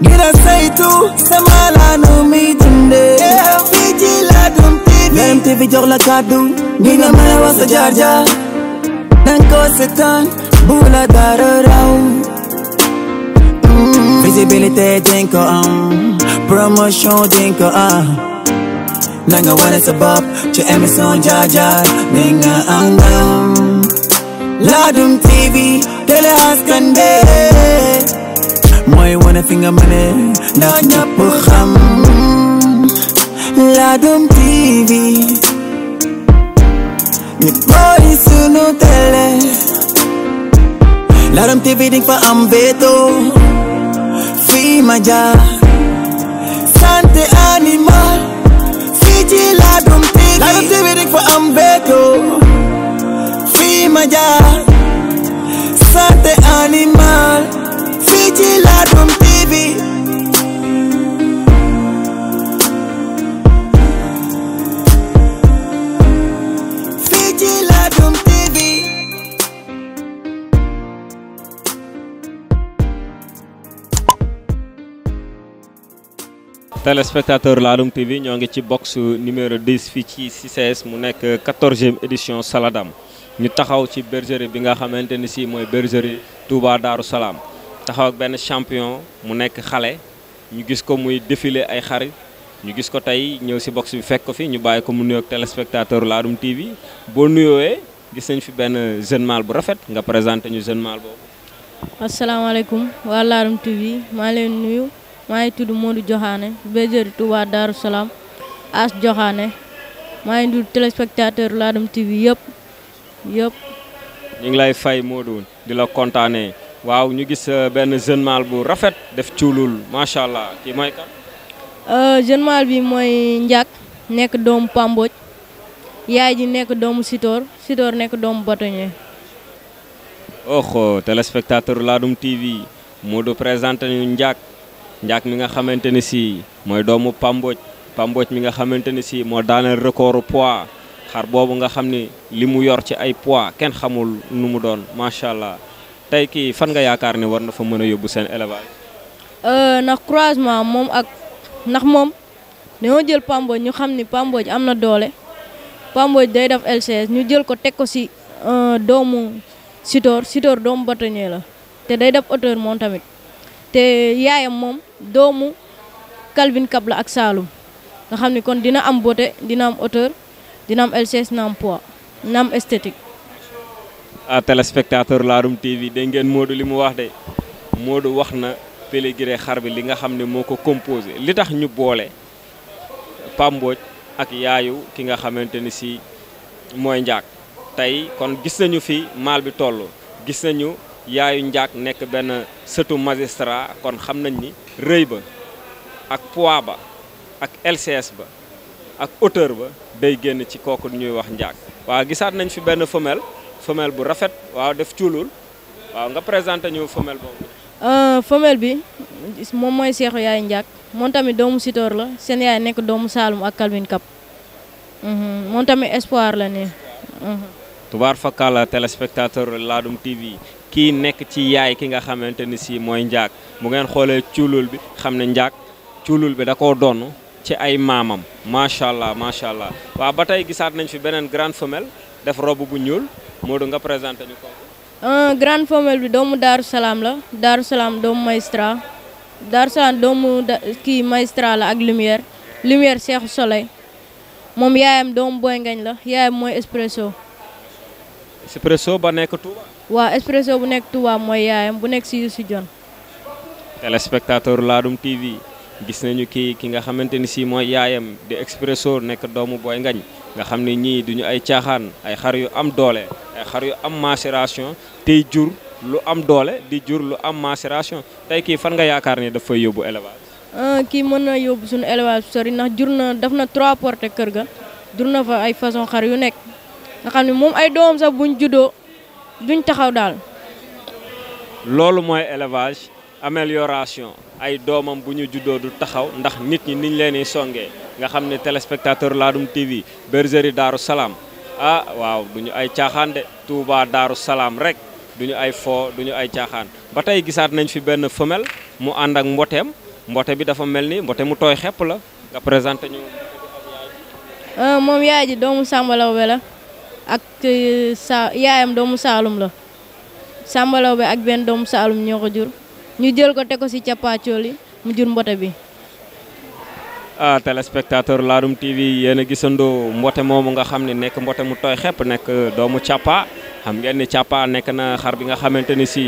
ngir sama laanu mi dundee. fii ci Ladoum TV. Ladoum TV jox la kàddu. ngir nga mën a sa jaar jaar. danga ko seetaan bu dara raw. Mm. visibilité dinga am promotion dinga am. nanga wane sa ci émission jaar jaar ni nga am ndam. Ladoum TV télé askan bi. mooy wane fi nga mëne ndax ñëpp xam Ladoum TV ñu mooy sunu télé Ladoum TV di fa am béto fii ma jaar animal fii ci Ladoum TV Ladoum fa am béto fii ma jaar animal téléspectateur Ladoum TV ñoo ngi ci box numéro 10 fii ci CICES mu nekk 14 édition Saladam ñu taxaw ci bergerie bi nga xamante ni si mooy bergerie Touba Darou Salaam taxaw ak benn champion mu nekk xale ñu gis ko muy défilé ay xar ñu gis ko tey ñëw si box bi fekk ko fi ñu bàyyi ko mu nuyoog téléspectateur Ladoum TV boo nuyoowee gis nañ fi benn jeune mâle bu rafet nga présenté ñu jeune mâle boobu. asalaamaaleykum waa Ladoum TV maa leen nuyu. maa ngi tudd Modou Diokhane bergerie Touba Darou Salam As Diokhane maa ngi nuyu téléspectateur Ladoum TV yëpp yëpp. ñu ngi lay fay Modou di la kontaane waaw ñu gis euh, benn jeune mal bu rafet def cuulul macha allah kii mooy kan. Euh, jeune mâle bi mooy njaag nekk doomu Pamboj yaay ji nekk doomu Sitor Sitor nekk doomu Batoñe. oh téléspectateur Ladoum TV Modou présenté ñu Ndiak. Ndiak mi nga xamante ni si mooy doomu Pamboj Pamboj mi nga xamante ni si moo daaneel record pois xar boobu nga xam ni li mu yor ci ay pois kenn xamul nu mu doon macha allah tey kii fan nga yaakaar ne war na fa mën a yóbbu seen élevage. Euh, ndax croisement moom ak ndax moom dañoo jël Pamboj ñu xam ni Pamboj am na doole Pamboj day def LCS ñu jël ko teg ko si euh, doomu Sitor Sitor doomu bâtonnier la te day def hauteur moom tamit. te yaayam moom doomu Calvin Kab la ak Saloum nga xam ne kon dina am beauté dina am hauteur dina am LCS na am poids na am esthétique. ah téléspectateur Ladoum TV dégg ngeen Modou li mu wax de Modou wax na Pellegrin xar bi li nga xam ne moo ko composé li tax ñu boole Pambooj ak yaayu ki nga xamante ni si mooy njaag tey kon gis nañu fi maal bi toll gis nañu. yaayu njaag nekk benn sëtu magistrat kon xam nañ ni rëy ba ak poids ba ak LCS ba ak hauteur ba day génn ci kooku ñuy wax njaag waaw gisaat nañ fi benn femelle femelle bu rafet waaw def cuulul waaw nga présente ñu femelle boobu. Euh, femelle bi moom mooy seexu yaayu njaag moom tamit doomu Sitor la seen yaay nekk doomu Saalum ak Calvin Cap mhm, moom tamit espoir la ne. Mhm. tubaar fakkaala téléspectateur Ladoum TV kii nekk ci yaay ki nga xamante ni si mooy njaag mu ngeen xoolee cuulul bi xam ne njaag cuulul bi da koo donn ci ay maamam macha allah macha allah waaw ba tey gisaat nañ fi beneen grande femelle def robe bu ñuul Modou nga présenté ñu ko. Euh, grande femelle bi doomu Daaru Salaam la Daaru Salaam doomu Maestra Daaru Salaam doomu kii Maestra la ak Lumière Lumière Seexu Soleil moom yaayam doomu Boy Ngañ la yaayam mooy Espresso. Espresso ba nekk Touba. waa Expresso bu nekk Touba mooy yaayam bu nekk si si John. téléspectateur Ladoum TV gis nañu kii ki nga xamante ni si mooy yaayam di Expresso nekk doomu booy ngañ nga xam ne ñii duñu ay caaxaan ay xar yu am doole ay xar yu am macération tey jur lu am doole di jur lu am macération tey kii fan nga yaakaar ni daf fay yóbbu élevage. Euh, kii mën na yóbbu suñu élevage sori ndax jur na def na trois porte kër ga jur na fa ay façon xar yu nekk nga xam ne moom duñ taxaw daal. loolu mooy élevage amelioration ay doomam bu ñu juddoo du taxaw ndax nit ñi niñ leen di songee nga xam ne téléspectateur Ladoum TV bergerie Daaru Salaam ah waaw du ñu ay caaxaan de Touba Daaru Salaam rek du ñu ay foo du ñu ay caaxaan ba tey gisaat nañ fi benn femelle mu ànd ak mboteem mbote bi dafa mel ni mbote mu tooy xepp la nga présenté ñu. Euh, moom yaay ji doomu Samba Lawbe la. ak euh, sa yaayam doomu saalum la Samba Laobé ak benn doomu saalum ñoo ko jur ñu jël ko teg ko ci cappaacóol yi mu jur mbote bi ah téléspectateur Ladoum TV yéen a gisandoo mbote moomu nga xam ne nekk mbote mu tooy xepp nekk doomu càppa xam ngeen ni càppa nekk na xar bi nga xamante ni si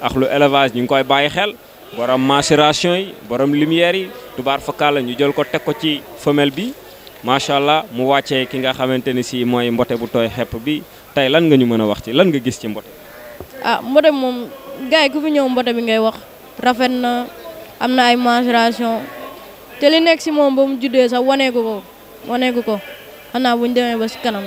ak lu élevage ñu ngi koy bàyyi xel borom macération yi borom lumière yi tubaar fakkaal la ñu jël ko teg ko ci femelle bi macha allah mu wàccee ki nga xamante ni si mooy mbote bu tooy xepp bi tey lan nga ñu mën a wax ci lan nga gis ci mbote. ah mbote moom gars yi ku ñëw mbote bi ngay wax rafet na am na ay maturation te li nekk si moom ba mu juddee sax waneeku ko waneeku ko xanaa bu demee ba si kanam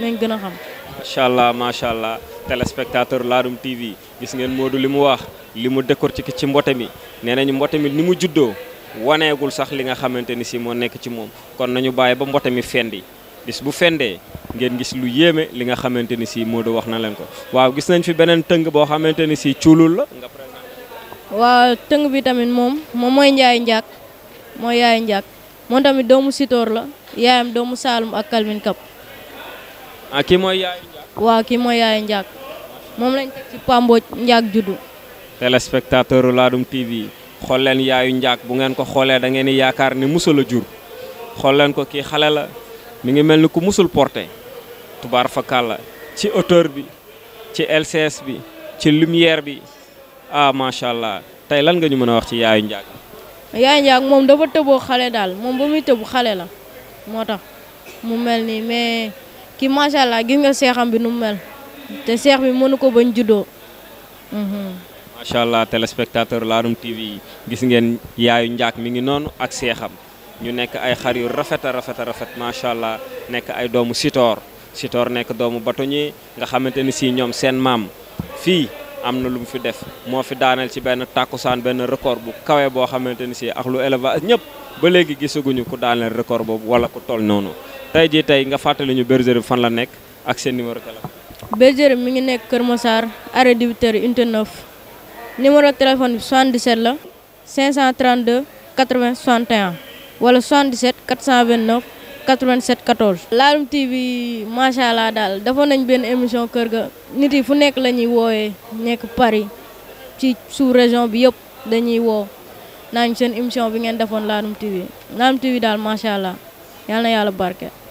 nañ gën a xam. macha allah macha allah téléspectateur Ladoum TV gis ngeen Modou li mu wax li mu décortiquer ci mbote mi nee nañu mbote mi ni mu juddoo. waneegul sax li nga xamante ni si moo nekk ci moom kon nañu bàyyi ba mbote mi fendi bis bu fendee ngeen gis lu yéeme li nga xamante ni si Modou wax na leen ko waaw gis nañ fi beneen tëng boo xamante ni si cuulul la. waaw tëng bi tamit moom moom mooy njaay Ndiak mooy Yaay Ndiak moom tamit doomu Sitoor la yaayam doomu Saalum ak Kalmin Kap. ah kii mooy Yaay Ndiak. waaw kii mooy Yaay moom lañ teg ci Pambo Ndiak juddu. téléspectateur Ladoum TV. xool leen yaayu njaag bu ngeen ko xoolee da ngeen di yaakaar ni musul a jur xool leen ko kii xale la mu ngi mel ni ku musul porté tubaar fakal la ci hauteur bi ci LCS bi ci lumière bi ah macha allah tey lan nga ñu mën a wax ci yaayu njaag yaayu njaag moom dafa tëboo xale daal moom ba muy tëbu xale la moo tax mu mel nii mais kii macha allah gis nga seexam bi nu mel te seex bi mënu ko bañ juddoo mhm. macha allah téléspectateur Ladoum TV gis ngeen yaayu njaak mi ngi noonu ak seexam ñu nekk ay xar yu rafet a rafet a rafet macha allah nekk ay doomu Sitor Sitor nekk doomu batoñi nga xamante ni si ñoom seen maam fii am na lu mu fi def moo fi daaneel ci benn tàkkusaan benn record bu kawe boo xamante ni si ak lu élevage ñëpp ba léegi gisaguñu ku daaneel record boobu wala ku toll noonu tey jii tey nga fàttali ñu bergerie fan la nekk ak seen numéro téléphone. numéro téléphone bi 77 la 532 80 61 wala 77 429 87 14. Ladoum TV macha allah daal defoon nañu benn émission kër ga nit yi fu nekk la ñuy woowee nekk Paris ci sous région bi yëpp dañuy woo naañ seen émission bi ngeen defoon Ladoum TV Ladoum TV daal macha allah yal na yàlla barke.